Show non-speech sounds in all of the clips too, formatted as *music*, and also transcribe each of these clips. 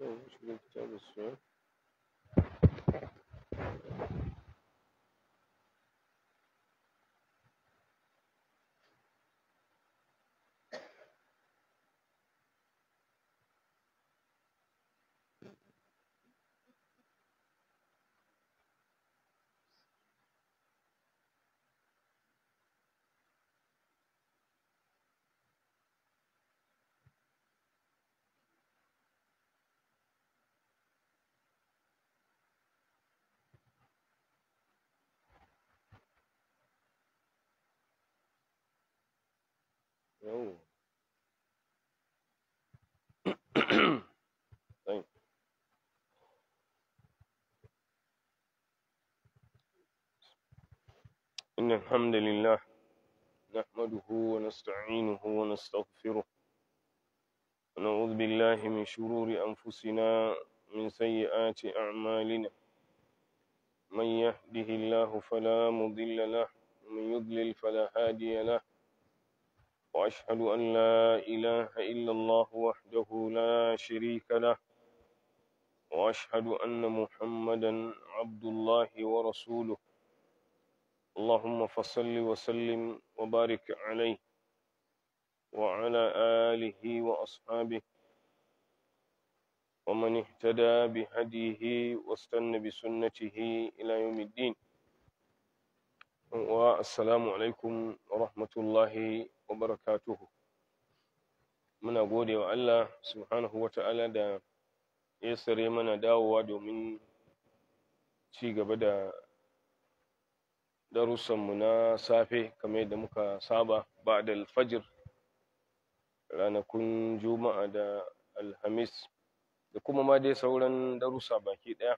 Şöyle şurada çalışıyor. طيب. إن الحمد لله نحمده ونستعينه ونستغفره ونعوذ بالله من شرور أنفسنا من سيئات أعمالنا من يهده الله فلا مضل له ومن يضلل فلا هادي له وأشهد أن لا إله إلا الله وحده لا شريك له وأشهد أن محمدا عبد الله ورسوله اللهم فصل وسلم وبارك عليه وعلى آله وأصحابه ومن اهتدى بهديه واستنى بسنته إلى يوم الدين والسلام عليكم ورحمة الله wa muna gode wa Allah subhanahu wa ta'ala da ya sare mana dawowa domin ci gaba da darussanmu na safe kamar yadda muka saba ba da alfajir ranakun juma'a da alhamis da kuma ma dai sauran darussa baki ɗaya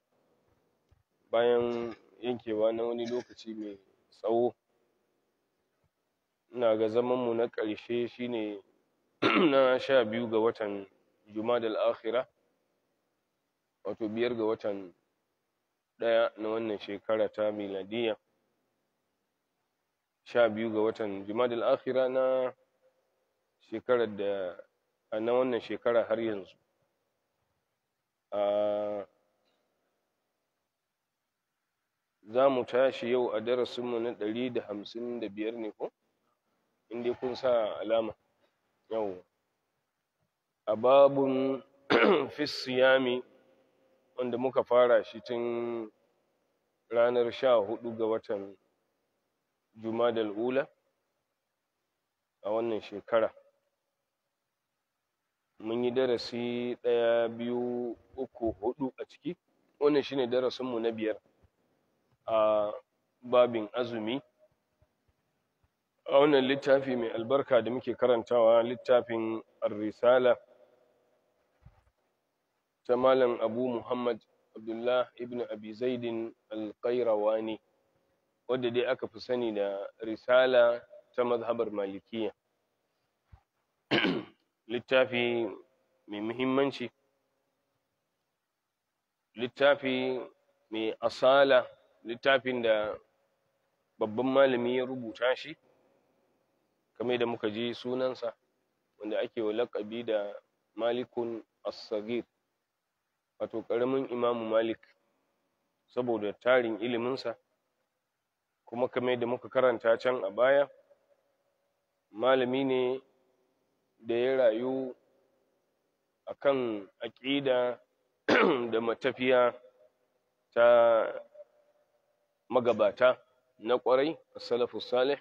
bayan yankewa na wani lokaci mai tsawo ina ga zamanmu na ƙarshe shi ne *clears throat* na sha biyu ga watan jumadal akhira wato biyar ga watan ɗaya na wannan shekara ta miladiyya sha biyu ga watan jumadal akhira na shekarar da na wannan shekara har yanzu za mu tashi yau a darasinmu na ɗari da hamsin da biyar ne ko in dai kun sa alama yau a babun *clears throat* fisiyami wanda muka fara shi tun ranar sha hudu ga watan jumadal ula a wannan shekara mun yi darasi ɗaya biyu uku hudu a ciki wannan shine darasinmu na biyar a babin azumi a wannan littafi mai albarka da muke karantawa littafin risala ta malam abu muhammad abdullah ibn abi zaidin alƙairawani wadda dai aka fi sani da risala ta mazhabar malikiya littafi mai muhimmanci littafi mai asala littafin da babban malami ya rubuta shi kamar da muka ji sunansa wanda ake wa laƙabi da malikun as-sagir wato ƙaramin imamu malik saboda tarin iliminsa kuma kamar da muka karanta can a baya malami ne da ya rayu a kan aƙida *clears throat* da matafiya ta magabata na ƙwarai as-salafu salih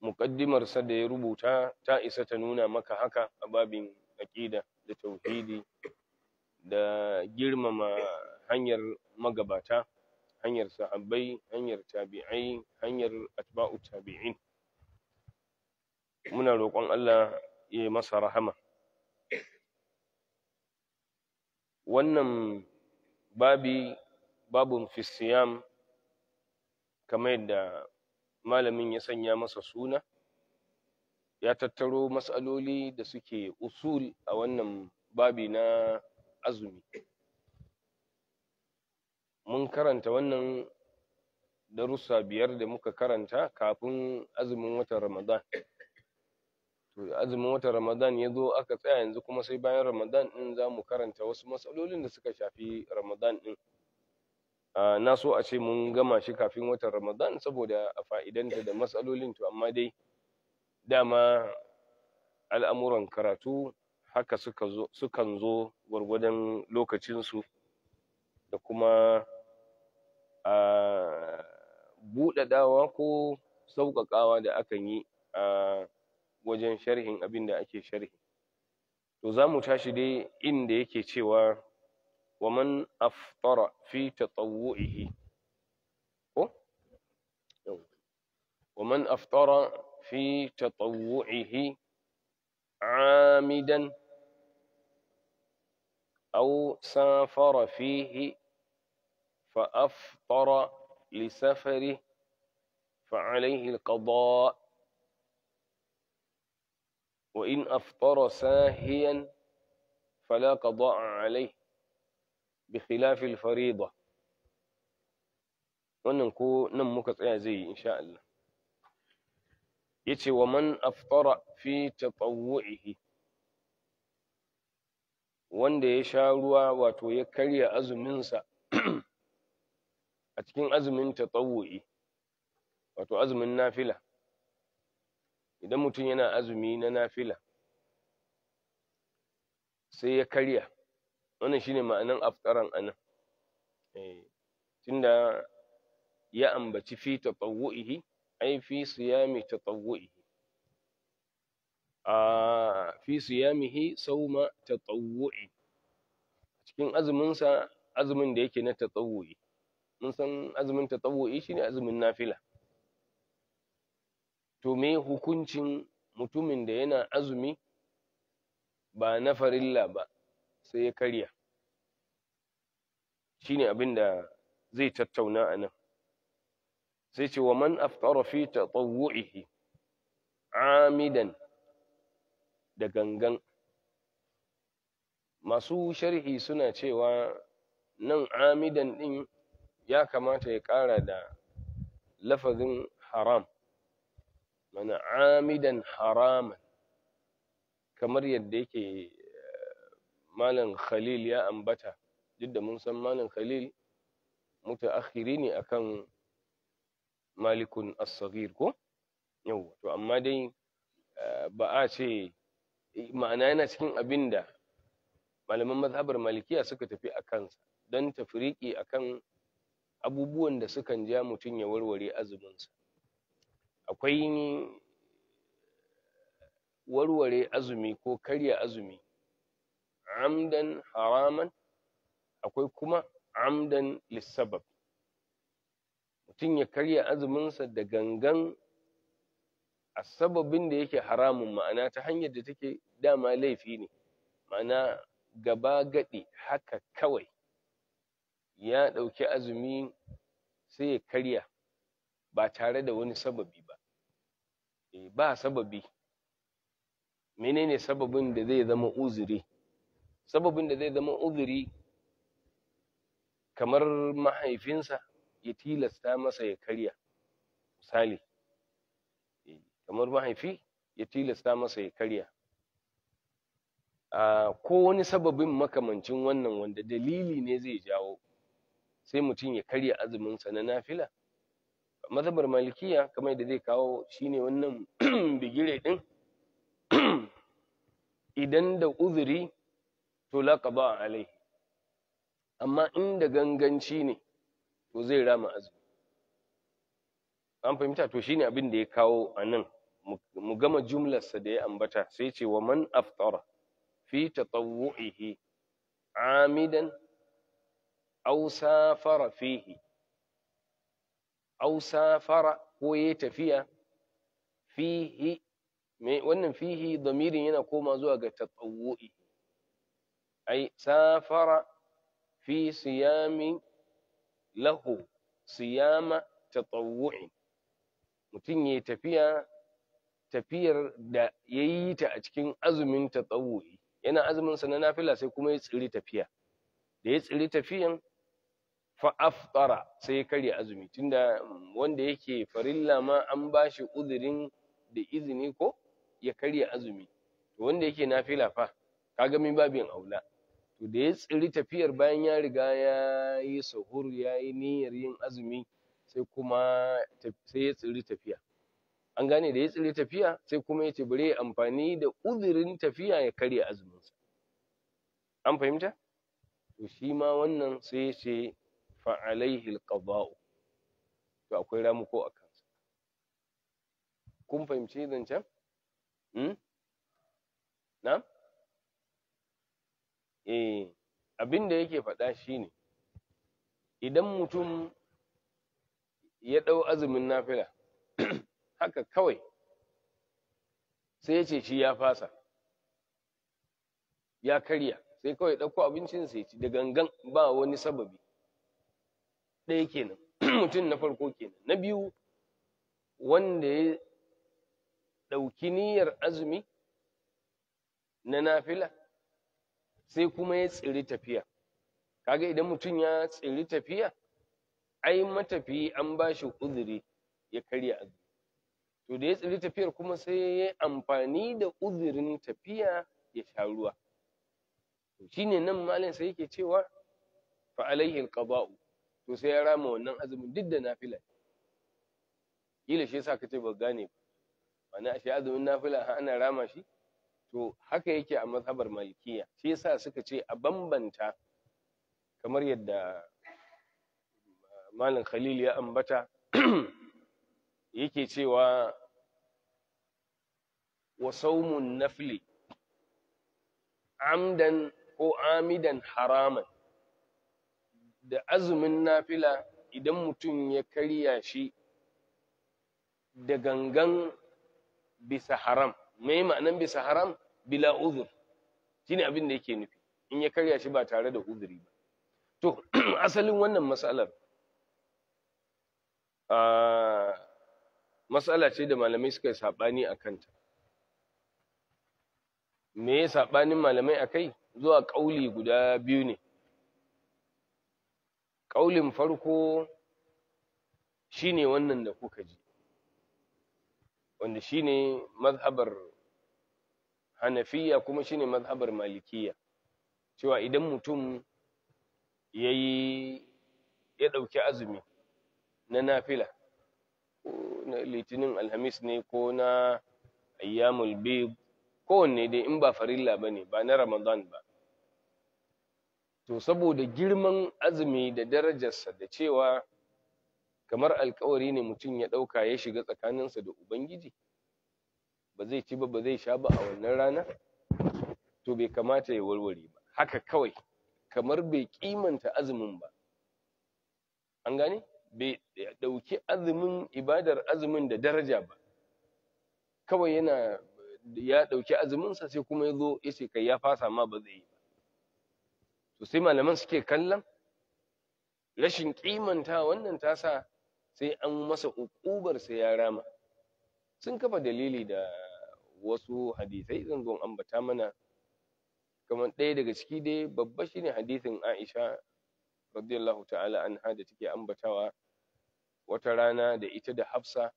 muƙaddimarsa da ya rubuta ta isa ta nuna maka haka a babin aƙida da tauhidi da girmama hanyar magabata hanyar sahabbai hanyar tabi'ai hanyar atba'u tabi'in muna roƙon Allah ya yi masa rahama wannan babi babun fisiyam kamar yadda malamin ya sanya masa suna ya tattaro matsaloli da suke usul a wannan babi na azumi mun karanta wannan darussa biyar da muka karanta kafin azumin watan ramadan to azumin watan ramadan ya zo aka tsaya yanzu kuma sai bayan ramadan din za mu karanta wasu matsalolin da suka shafi ramadan din. na so a ce mun gama shi kafin watan ramadan saboda a fa'idanta da matsalolin to amma dai dama al'amuran karatu haka sukan zo gwargwadon lokacinsu da kuma a buɗaɗawa ko sauƙaƙawa da akan yi a wajen sharhin abin da ake sharhi to za mu tashi dai inda yake cewa ومن أفطر في تطوعه ومن أفطر في تطوعه عامدا أو سافر فيه فأفطر لسفره فعليه القضاء وإن أفطر ساهيا فلا قضاء عليه bi khilafil fariḍa wannan ko nan muka tsaya zai yi insha Allah yace wa man aftara fi tatawwu'ihi wanda ya sha ruwa wato ya karya azuminsa a cikin azumin tatawwu'i wato azumin nafila idan mutum yana azumi na nafila sai ya karya wannan shine ma'anan aftaran anan eh, tunda ya ambaci fi tatawwu'ihi ai fi siyami tatawwu'ihi a fi siyamihi sauma tatawwu'i cikin azumin azumin da yake na tatawwu'i mun san azumin shi shine azumin nafila to me hukuncin mutumin da yana azumi ba na farilla ba sai ya karya shine abin da zai tattauna a nan sai ce wa man aftara fi tatawwu'ihi amidan da gangan masu sharhi suna cewa nan amidan din ya kamata ya kara da lafazin haram mana amidan haraman kamar yadda yake malam khalil ya ambata duk da mun san malam khalil mutaakhiri ne akan malikun as ko yau to amma dai eh, ba a ce ma'ana yana cikin abinda malaman mazhabar malikiya suka tafi a kansa don tafriki akan abubuwan da sukan ja mutum ya warware azuminsa akwai warware azumi ko karya azumi amdan haraman akwai kuma amdan lissabab mutum ya karya azuminsa da gangan a sababin da yake haramun ma'ana ta hanyar da take dama laifi ne ma'ana gaba gaɗi haka kawai ya ɗauki azumi sai ya karya ba tare da wani sababi ba eh, ba sababi menene sababin da zai zama uzuri sababin da zai zama uzuri kamar mahaifinsa ya tilasta masa ya karya misali kamar mahaifi ya tilasta masa ya karya ko wani sababin makamancin wannan wanda dalili ne zai jawo sai mutum ya karya azuminsa na nafila mazhabar malikiya kamar da zai kawo shine wannan *clears throat* bigire din *clears throat* idan da uzuri to la qada alaihi amma inda ganganci ne to zai rama azumi an fahimta to shine abin da ya kawo anan mu gama jumlarsa da ya ambata sai ce wa man aftara fi tatawwuhi amidan aw safara fihi aw safara ko ya tafiya fihi wannan fihi damirin yana koma zuwa ga tatawwuhi أي سافر في صيام له صيام تطوع mutum ya tafiya tafiyar da ya yi ta a cikin azumin tatsawuri yana azumin sa na nafila sai kuma ya tsiri tafiya da ya tsiri tafiyan fa'aftara sai ya karya azumi tunda wanda yake farilla ma an ba shi uzurin da izini ko ya karya azumi wanda yake nafila fa kaga min babin aula to da ya tsiri tafiyar bayan ya riga ya yi sahur ya yi niyyar yin azumi sai kuma sai ya tsiri tafiya an gane da ya tsiri tafiya sai kuma ya ce bari ya amfani da uzurin tafiya ya karya sa an fahimta to shi ma wannan sai ya ce fa alaihi alqada'u to akwai ramuko a sa kun fahimci zancen? Hmm? na'am eh abin da yake faɗa shine idan mutum ya ɗau azumin nafila *clears throat* haka kawai sai ya ce shi ya fasa ya karya sai kawai ɗauko abincin sai ci da gangan ba wani sababi ɗaya kenan *clears throat* mutum na farko kenan na biyu wanda ya ɗauki niyyar azumi na nafila sai kuma ya tsiri tafiya kaga idan mutum ya tsiri tafiya ai matafiyi an ba shi uzuri ya karya azumi to da ya tsiri tafiyar kuma sai ya amfani da uzurin tafiya ya sha ruwa To shine nan malam sai yake cewa fa alaihi alqada'u to sai ya rama wannan azumin duk da nafila kila shi yasa kace ba gane ba ma'ana ashe azumin nafila ana rama shi to haka yake a mazhabar malikiya shi yasa suka ce a bambanta kamar yadda malam khalil ya ambata *clears throat* yake cewa wa saumun nafli amdan ko amidan haraman da azumin nafila idan mutum ya karya shi da gangan bisa haram me ma'anan bisa haram bila uzur shine abin da yake nufi in ya karya shi ba tare da uzuri ba to *clears throat* asalin wannan matsalar matsala ce da malamai suka yi saɓani a kanta me ya saɓanin malamai a kai zuwa ƙauli guda biyu ne ƙaulin farko shine wannan da kuka ji wanda shine mazhabar hanafiya kuma shine mazhabar malikiya cewa idan mutum ya yi ya ɗauki azumi na nafila na litinin alhamis ne ko na ayyamul ko kowanne dai in ba farilla ba ne ba na ramadan ba to saboda girman azumi da darajarsa da cewa kamar alkawari ne mutum ya ɗauka ya shiga tsakaninsa da ubangiji ba zai ci ba ba zai sha ba a wannan rana to bai kamata ya warware ba haka kawai kamar bai kimanta azumin ba an gane bai ɗauki azumin ibadar azumin da daraja ba kawai yana ya ɗauki azuminsa sai kuma ya zo ya ce kai ya fasa ma ba zai yi ba to sai malaman suke kallon rashin ƙimanta wannan ta sa sai an masa uƙubar sai ya rama sun kafa dalili da wasu hadisai zan zo ambata mana kamar ɗaya daga ciki dai babba shine hadisin Aisha radiyallahu ta'ala anha da take ambatawa wata rana da ita da Hafsa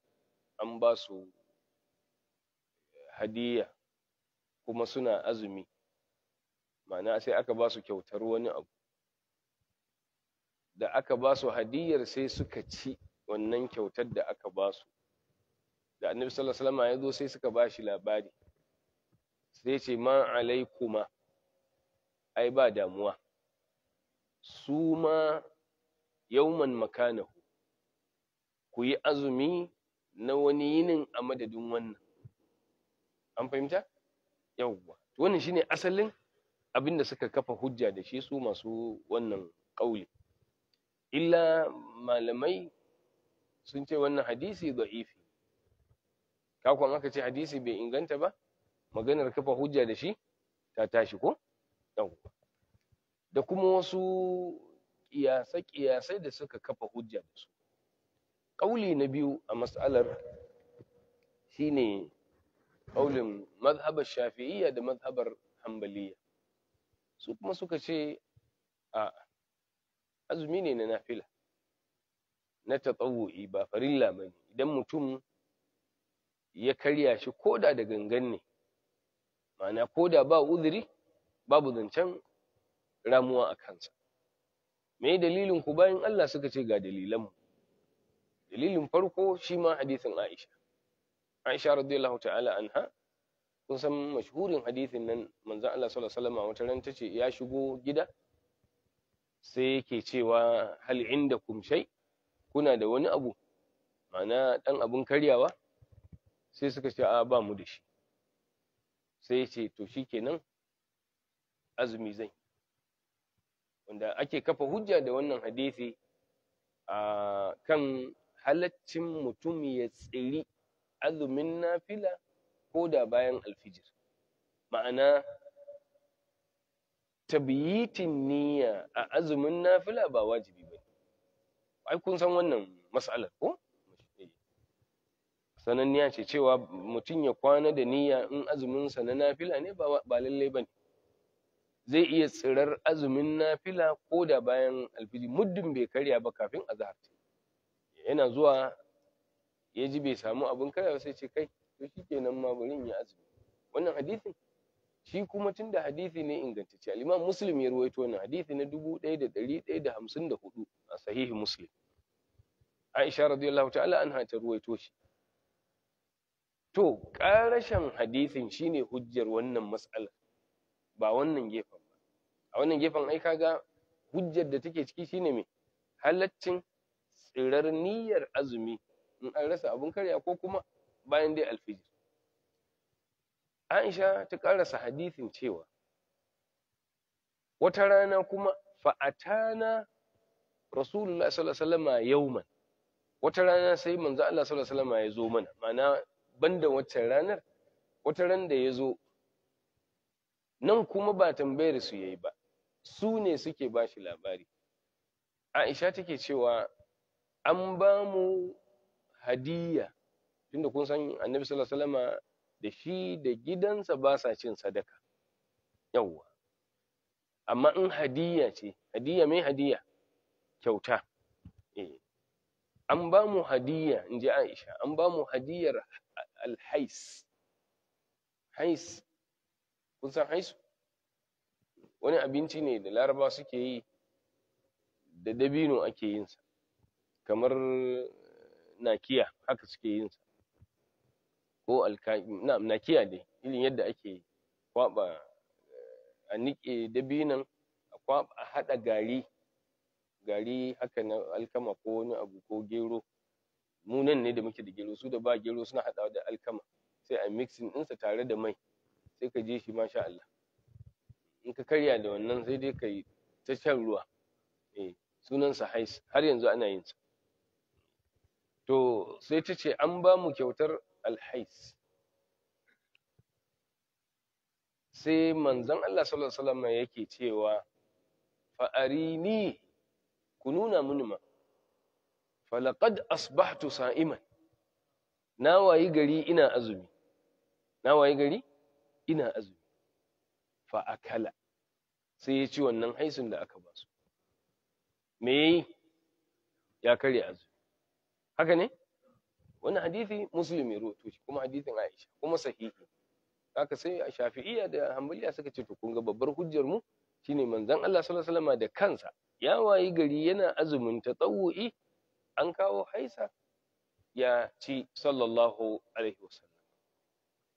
an ba su hadiya kuma suna azumi ma'ana sai aka ba su kyautar wani abu da aka ba su hadiyar sai suka ci wannan kyautar da aka ba su da annabi sallallahu alaihi wasallam ya zo sai suka ba shi labari sai ce ma alaikuma ai ba damuwa su ma yauman makanahu ku yi azumi na wani yinin a madadin wannan an fahimta yawwa wannan shine asalin abin da suka kafa hujja da shi su masu wannan ƙauli illa malamai sun ce wannan hadisi ifi. kakon aka ce hadisi bai inganta ba maganar kafa hujja da shi ta tashi ko da kuma wasu ƙiyasa-ƙiyasai da suka kafa hujja da su ƙauli na biyu a matsalar shine ƙaulin mazhabar shafi'iyya da mazhabar hambaliya su kuma suka ce a azumi ne na nafila na tatsawo'i ba farilla ba idan mutum ya karya shi koda da gangan ne ma'ana koda ba uzuri babu zancen ramuwa a kansa me dalilin ku bayan Allah suka ce ga dalilanmu dalilin farko shi ma hadisin Aisha Aisha radiyallahu ta'ala anha kun san mashhurin hadisin nan manzo Allah sallallahu alaihi wasallam wata ran tace ya shigo gida sai yake cewa hal indakum shay' kuna da wani abu ma'ana ɗan abun karyawa sai suka ce a ba mu da shi sai ce to shi kenan azumi zai wanda ake kafa hujja da wannan hadisi a kan halaccin mutum ya tsiri azumin nafila ko da bayan alfijir ma'ana tabiyitin niyya a azumin nafila ba wajibi ba. ai kun san wannan mas'alar ko sananniya ce cewa mutum ya kwana da niyya in azumin sa na nafila ne ba ba lalle zai iya tsirar azumin nafila ko da bayan alfiji muddin bai karya ba kafin azhar yana zuwa ya ji bai samu abin karya sai ce kai to shikenan ma bari ya azumi wannan hadisin shi kuma tunda hadisi ne ingantacce al'imam Muslim ya ruwaito wannan hadisi na dubu da da hudu a sahihi Muslim Aisha radiyallahu ta'ala anha ta ruwaito shi to ƙarashin hadisin shine hujjar wannan mas'ala ba wannan gefen ba a wannan gefen ai kaga hujjar da take ciki shine me halaccin tsirar niyyar azumi in an rasa abin karya ko kuma bayan dai alfijir Aisha ta ƙarasa hadisin cewa wata rana kuma fa'atana rasulullah sallallahu alaihi wasallam yauman wata rana sai manzo Allah sallallahu alaihi wasallam ya zo mana ma'ana banda waccan ranar wata ran da ya zo nan kuma ba tambayar su yayi ba su ne suke bashi labari Aisha take cewa an ba mu hadiyya tunda kun san annabi sallallahu alaihi wasallam da shi da gidansa ba sa cin sadaka yauwa amma in hadiya ce hadiya mai hadiya kyauta an ba mu hadiyya in ji aisha an ba mu hadiyyar alhais hais kun san hais wani abinci ne da laraba suke yi da dabino ake yin sa kamar eh, nakiya haka suke yin sa ko alka na nakiya dai irin yadda ake kwaba eh, a niƙe dabinan a kwaba a haɗa gari gari haka na alkama ko wani abu ko gero mu nan ne da muke da gero su da ba gero suna haɗawa da alkama sai a mixing ɗinsa tare da mai sai ka je shi masha Allah in ka karya da wannan sai dai ka yi ta shan ruwa eh sa hais har yanzu ana yin sa to sai ta ce an ba mu kyautar alhais sai manzon Allah sallallahu alaihi wasallam yake cewa fa'arini ku nuna mini ma falaqad asbahtu sa'iman na wayi gari ina azumi na wayi gari ina azumi fa akala sai ya ci wannan haisun da aka ba su me ya karya azumi haka ne wani hadisi Musulmi ya shi kuma hadisin Aisha kuma sahihi haka sai Shafi'iyya da Hanbaliya suka ce to kun ga babbar hujjar mu shine manzon Allah sallallahu alaihi wasallam da kansa ya wayi gari yana azumin tatawu'i an kawo haisa ya ci sallallahu alaihi wasallam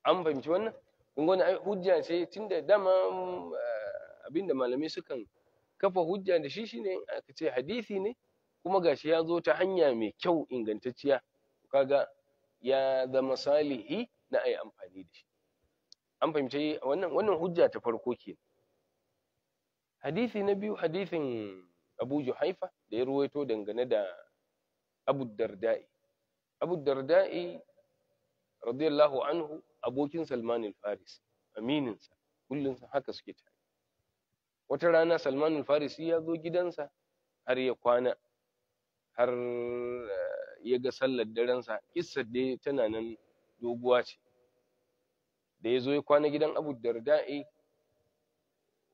an fahimci wannan kun gani ai hujja ce tunda dama eh, abinda malamai sukan kafa hujja da shi shine aka ce hadisi ne kuma gashi ya zo ta hanya mai kyau ingantacciya kaga ya zama salihi na ai amfani da shi an fahimci wannan wannan hujja ta farko kenan hadisi na biyu hadisin abu juhaifa da ya ruwaito dangane da abu darda'i abu darda'i radiyallahu anhu abokin salman al-faris amininsa sa haka suke tare wata rana salman al-farisi ya zo gidansa har ya kwana har eh, ya ga sallar darensa kissar dai tana nan doguwa ce da ya zo ya kwana gidan abu darda'i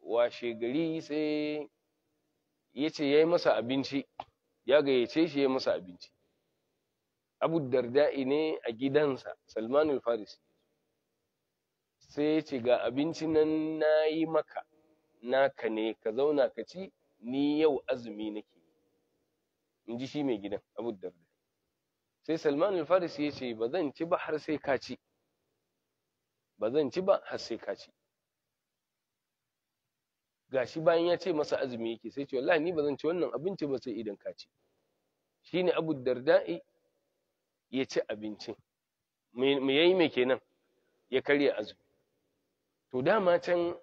washe gari sai ya ce ya yi masa abinci ya gayyace shi ya masa abinci abu darda'i ne a gidansa al-faris sai ya ce ga abinci nan na yi maka naka ne ka zauna ka ci ni yau azumi nake in ji shi mai gidan abu darda'i sai salmanul farisi ya ce ba ci ba har sai ka ci ba zan ci ba har sai ka ci gashi bayan ya ce masa azumi yake sai ce wallahi ni ba ci wannan abinci ba sai idan ka ci shine Abu Darda'i ya ci abincin mu yayi me kenan ya karya azumi to dama can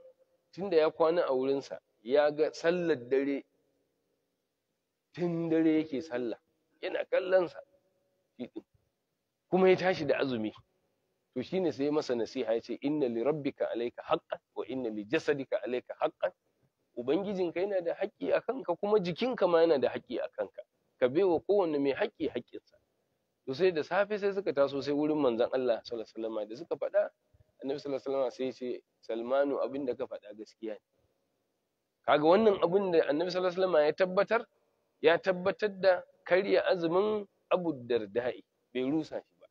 tunda ya kwana a wurin sa ya ga sallar dare tun dare yake sallah yana kallonsa kuma ya tashi da azumi to shine sai masa nasiha ya ce inna li rabbika alayka haqqan wa inna li alayka haqqan Ubangijin ka yana da haƙƙi a kanka kuma jikinka ma yana da haƙƙi a kanka ka baiwa kowanne mai haƙƙi haƙƙinsa to sai da safe sai suka taso sai wurin manzon Allah sallallahu alaihi da suka faɗa annabi sallallahu alaihi sai ce Salmanu abin da ka faɗa gaskiya ne kaga wannan abin da annabi sallallahu alaihi ya tabbatar ya tabbatar da karya azumin Abu Darda'i bai rusa shi ba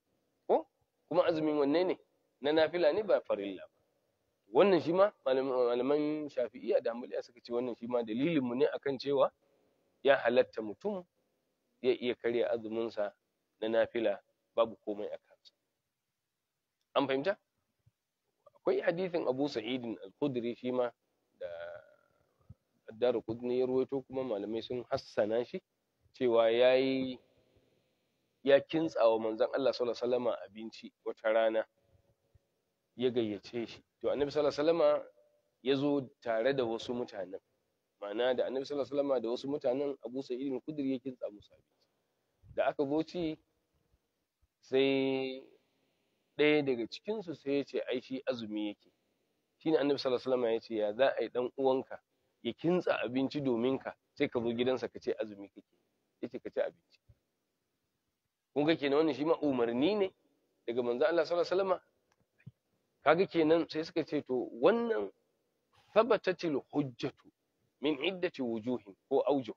ko kuma azumin wanne ne na nafila ne ba farilla ba wannan shi ma malaman shafi'iyya da hambaliya suka ce wannan shi ma dalilinmu ne akan cewa ya halatta mutum ya iya karya azuminsa na nafila babu komai a kansa an fahimta akwai hadisin abu sa'idin al-khudri shi ma da addara kudni ya ruwaito kuma malamai sun hassana shi cewa ya ya kintsawa manzon Allah sallallahu alaihi abinci wata rana ya gayyace shi to annabi sallallahu alaihi wasallama ya zo tare da wasu mutanen ma'ana da annabi sallallahu alaihi wasallama da wasu mutanen Abu Sa'id al-Khudri ya kintsa musu abinci da aka zo ci sai ɗaya daga cikin su sai ya ce ai shi azumi yake shine annabi sallallahu alaihi wasallama ya ce ya za a yi dan uwanka ya kintsa abinci domin ka sai ka zo gidansa ka ce azumi kake yace ka ci abinci kun ga kenan wannan shi ma umarni ne daga manzo Allah sallallahu alaihi wasallama kaga kenan sai suka ce to wannan tabbatatil hujjatu min iddati wujuhin ko auju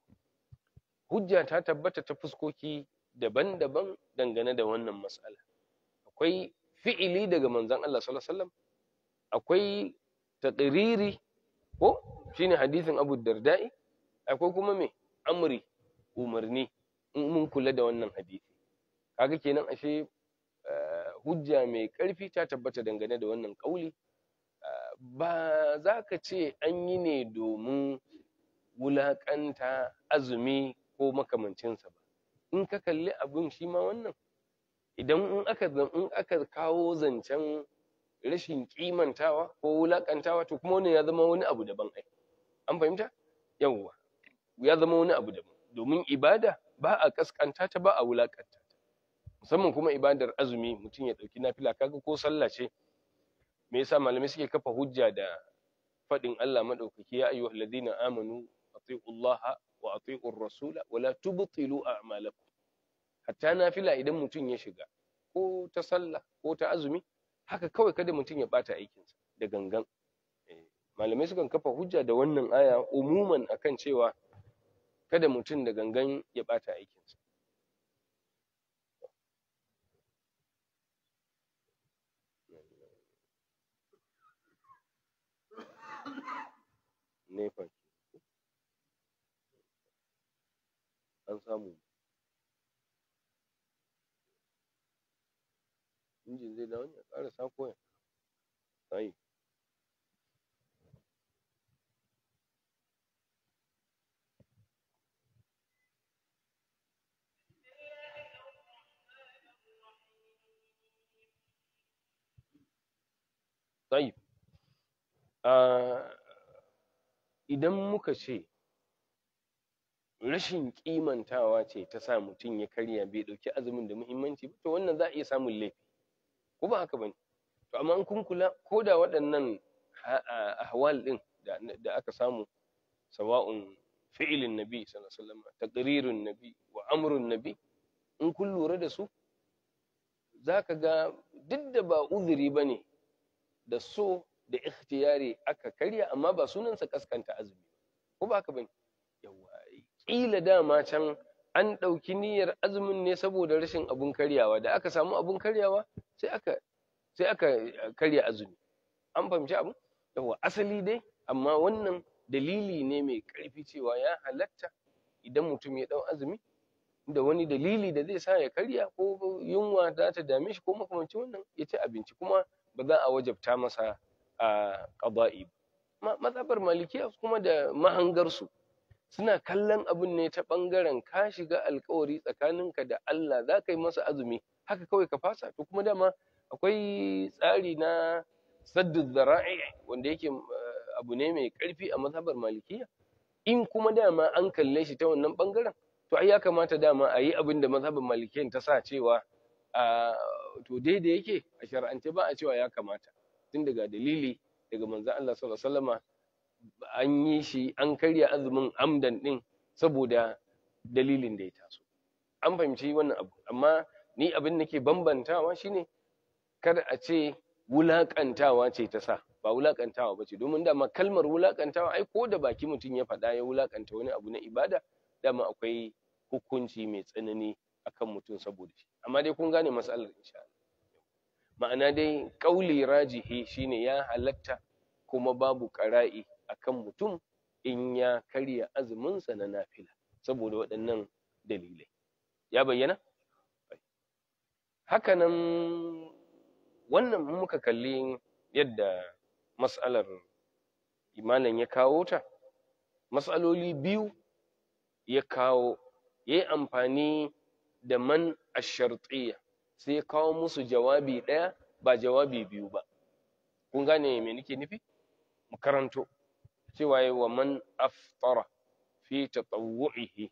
hujja ta tabbata ta fuskoki daban-daban dangane da wannan mas'ala akwai fi'ili daga manzon Allah sallallahu alaihi wasallam akwai taqriri ko shine hadisin Abu Darda'i akwai kuma me amri umarni in mun kula da wannan hadisi kaga kenan ashe hujja mai ƙarfi ta tabbata dangane da wannan ƙauli ba za ka ce an yi ne domin wulaƙanta azumi ko makamancinsa ba in ka kalli abin shi ma wannan idan in aka kawo zancen rashin kimantawa ko wulaƙantawa to kuma wannan ya zama wani abu daban ai an fahimta yawwa ya zama wani abu daban domin ibada ba a kaskanta ta ba a wulaƙanta musamman kuma ibadar azumi mutum ya ɗauki nafila kaga ko sallah ce me yasa malamai suke kafa hujja da faɗin Allah maɗaukaki ya ayyuhal ladina amanu atiiu Allah wa atiiu rasula wa la tubtilu a'malakum hatta nafila idan mutum ya shiga ko ta sallah ko ta azumi haka kawai kada mutum ya bata aikinsa da gangan eh, malamai sukan kafa hujja da wannan aya umuman akan cewa kada mutum da gangan ya bata aikin nefa ke an samu injin zai dawo ya ƙara sako ya tsayi طيب آه idan muka ce rashin kimantawa ce ta sa mutum ya karya bai ɗauki azumin da muhimmanci ba to wannan za a iya samun laifi ko ba haka bane to amma in kun kula ko da waɗannan ahwal ɗin da aka samu sawa'un fi'ilin nabi sallallahu alaihi nabi wa amrun nabi in kun lura da su zaka ga duk da ba uzuri bane da so da ikhtiyari aka karya amma ba sunansa kaskanta azumi ko ba haka bane yawa kila dama can an ɗauki niyyar azumin ne saboda rashin abun karyawa da aka samu abun karyawa sai aka sai aka karya azumi an fahimci abu yawa asali dai amma wannan dalili ne mai ƙarfi cewa ya halatta idan mutum ya ɗau azumi da wani dalili da zai sa ya karya ko yunwa za ta dame shi ko makamancin wannan ya ci abinci kuma ba za a wajabta masa a ƙaba'i mazhabar malikiya kuma da mahangarsu suna kallon abin ne ta ɓangaren ka shiga alkawari tsakaninka da Allah za ka yi masa azumi haka kawai ka fasa to kuma dama akwai tsari na saddu zara'i wanda yake eh, abu ne mai ƙarfi a mazhabar malikiya in kuma dama an kalle shi ta wannan ɓangaren to ai ya kamata dama a yi abin da mazhabar malikiyan ta sa cewa ah, to daidai yake a shar'ance ba a cewa ya kamata tun daga dalili daga manzo Allah sallallahu alaihi wasallama an yi shi an karya azumin amdan din saboda dalilin da ya taso an fahimci wannan abu amma ni abin nake bambantawa shine kada a ce wulakantawa ce ta sa ba wulakantawa ba ce domin dama kalmar wulakantawa ai ko da baki mutum ya faɗa ya wulakanta wani abu na ibada dama akwai hukunci mai tsanani akan mutum saboda shi amma dai kun gane matsalar insha Allah ma'ana dai ƙauli rajihi shine ya halatta kuma babu ƙara'i akan mutum in ya karya azuminsa na nafila saboda waɗannan dalilai ya bayyana hakanan wannan muka kalli yadda matsalar imanin ya kawo ta mas'aloli biyu ya kawo ya yi amfani da man ashartiya sai ya kawo musu jawabi ɗaya ba jawabi biyu ba kun gane me nake nufi mu karanto cewa wa man aftara fi tatawwu'ihi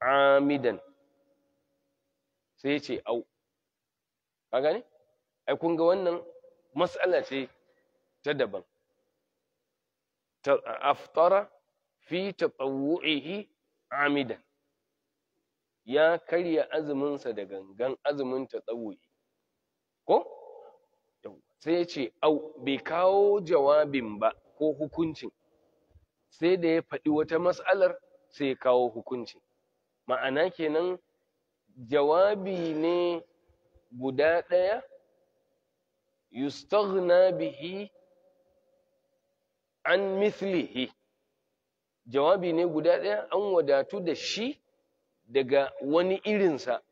amidan sai ya ce au ka gane ai kun ga wannan matsala ce ta daban aftara fi tatawwu'ihi amidan ya karya azuminsa da gangan azumin ta tsawoyi ko sai ya ce au bai kawo jawabin ba ko hukuncin sai da ya faɗi wata mas'alar sai ya kawo hukunci ma'ana kenan jawabi ne guda ɗaya yustaghna bihi an mislihi. jawabi ne guda ɗaya an wadatu da shi daga wani irinsa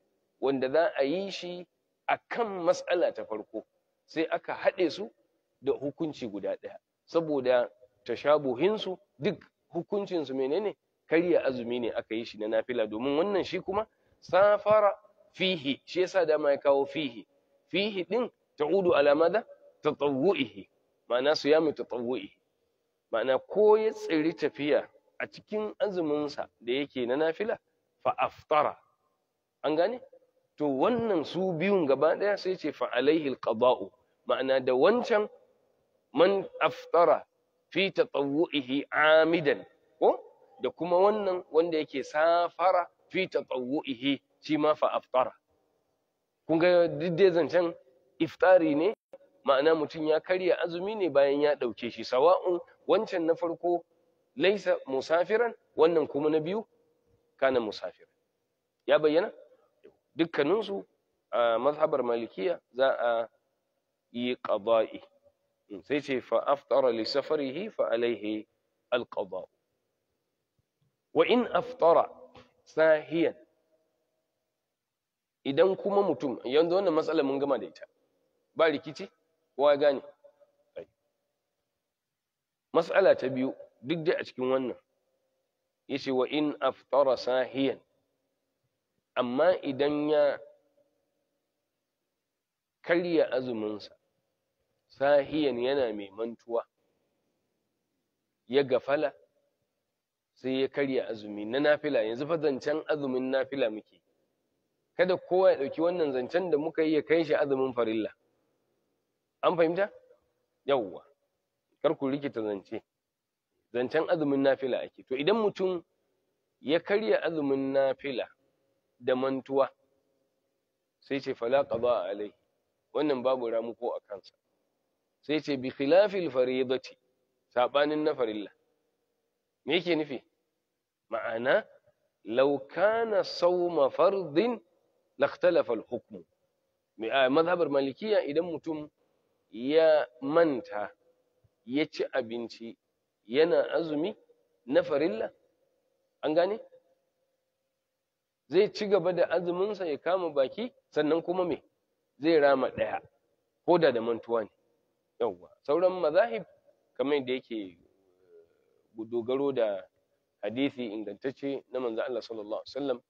wanda za a yi shi a kan matsala ta farko sai aka haɗe su da hukunci guda ɗaya saboda tashabuhinsu duk hukuncinsu menene karya azumi ne aka yi shi na nafila domin wannan shi kuma safara fihi shi yasa dama ya kawo fihi fihi din ta'udu ala da tatawwu'ihi ma'ana su siyamu tatawwu'ihi ma'ana ko ya tsiri tafiya a cikin azuminsa da yake na nafila fa aftara an gane to wannan su biyun gaba ɗaya sai ce fa alaihi alqada'u ma'ana da wancan man aftara fi tatawwu'ihi amidan ko da kuma wannan wanda yake safara fi tatawwu'ihi shi ma fa aftara kun ga diddai zancen iftari ne ma'ana mutum ya karya azumi ne bayan ya ɗauke shi sawa'un wancan na farko laisa musafiran wannan kuma na biyu kana musafir ya bayyana dukkaninsu a mazhabar malikiya za a yi qada'i sai ce fa aftara li safarihi fa wa in aftara sahiyan idan kuma mutum yanzu wannan matsala mun gama da ita ba rikici kowa gane matsala ta biyu duk dai a cikin wannan yace wa in aftara sahiyan amma idan ya karya azuminsa sahiyan yana mai mantuwa ya gafala sai ya karya azumi na nafila yanzu fa zancen azumin nafila muke kada kowa ya ɗauki wannan zancen da muka yi ya kai shi azumin farilla an fahimta yawwa kar ku rikita zance zancen azumin nafila ake to idan mutum ya karya azumin nafila da mantuwa sai ce fala a alai wannan babu ramuko a kansa sai ce bi khilafil faridati saɓanin na farilla me yake nufi ma'ana laukana kana sawma laktalafal hukmu al-hukm mazhabar malikiya idan mutum ya manta ya ci abinci yana azumi na farilla an gane zai ci gaba da azuminsa ya kama baki sannan kuma me zai rama ɗaya ko da da mantuwa ne yauwa sauran mazahib kamar da yake uh, dogaro da hadisi ingantacce na manzo Allah sallallahu alaihi wasallam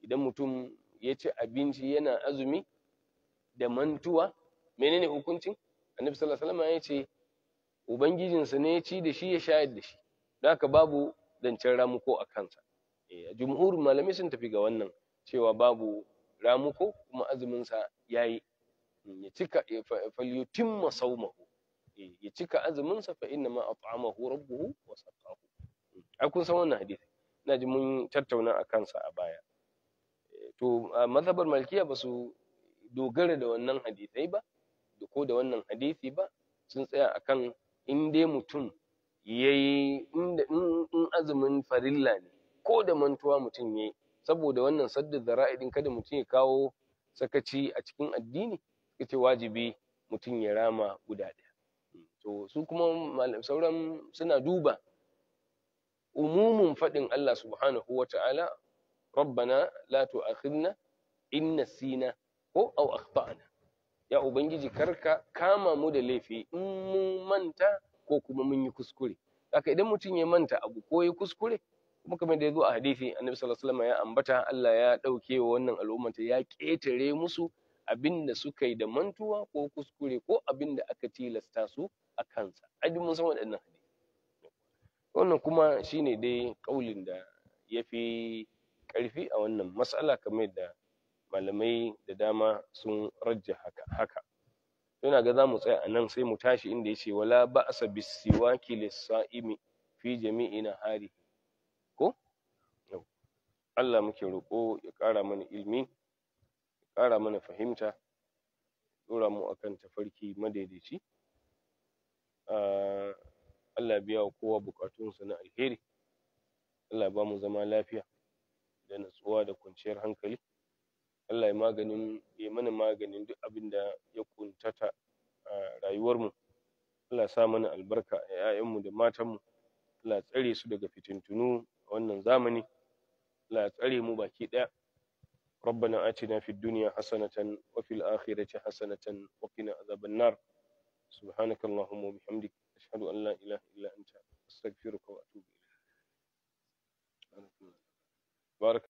idan mutum ya ci abinci yana azumi da mantuwa menene hukuncin annabi sallallahu alaihi wasallam ya ce ubangijinsa ne ya ci da shi ya shayar da shi haka babu zancen ramuko a kansa eh, jumhurin malamai sun tafi ga wannan cewa babu ramuko kuma azuminsa ya yi mm, ya cika falyutimma saumahu eh, ya cika azuminsa fa inna ma at'amahu rabbuhu wa saqahu mm, A kun san wannan hadisi ina ji mun tattauna a kansa a baya eh, to mazhabar malkiya ba su dogara da wannan hadisai ba ko da wannan hadisi ba sun tsaya akan in dai mutum ya yi in azumin farilla ne ko da mantuwa mutum ya yi saboda wannan sadda zara'idin kada mutum ya kawo sakaci a cikin addini suka wajibi mutum ya rama guda ɗaya to su kuma sauran suna duba umumin faɗin Allah subhanahu wa ta'ala rabbana la tu'akhidna in nasina ko aw akhtana ya ubangiji karka kama mu da laifi in mun manta ko kuma mun yi kuskure haka idan mutum ya manta abu ko ya kuskure kuma kamar da ya zo a hadisi annabi sallallahu alaihi wasallam ya ambata Allah ya dauke wa wannan al'umma ta ya ketare musu abinda da suka yi da mantuwa ko kuskure ko abinda aka tilasta su a kansa ajin mun san waɗannan hadisi wannan kuma shine dai kaulin da yafi fi ƙarfi a wannan mas'ala kamar da malamai da dama sun rajja haka haka yana ga za mu tsaya a nan sai mu tashi inda ya yace wala ba'sa bisiwaki lis-sa'imi fi jami'i hari, ko Allah muke roƙo ya ƙara mana ilmi ya ƙara mana fahimta ɗora mu akan tafarki madaidaici ah, Allah biya wa kowa buƙatunsa na alheri Allah ba mu zama lafiya da natsuwa da kwanciyar hankali Allah ya maganin ya mana maganin duk abin da ya kuntata a rayuwarmu Allah sa mana albarka a 'ya'yanmu da matanmu Allah tsare su daga fitintunu a wannan zamani Allah tsare mu baki ɗaya ربنا آتنا في الدنيا حسنة وفي الآخرة حسنة وقنا عذاب النار سبحانك اللهم وبحمدك أشهد أن لا إله إلا أنت أستغفرك وأتوب إليك بارك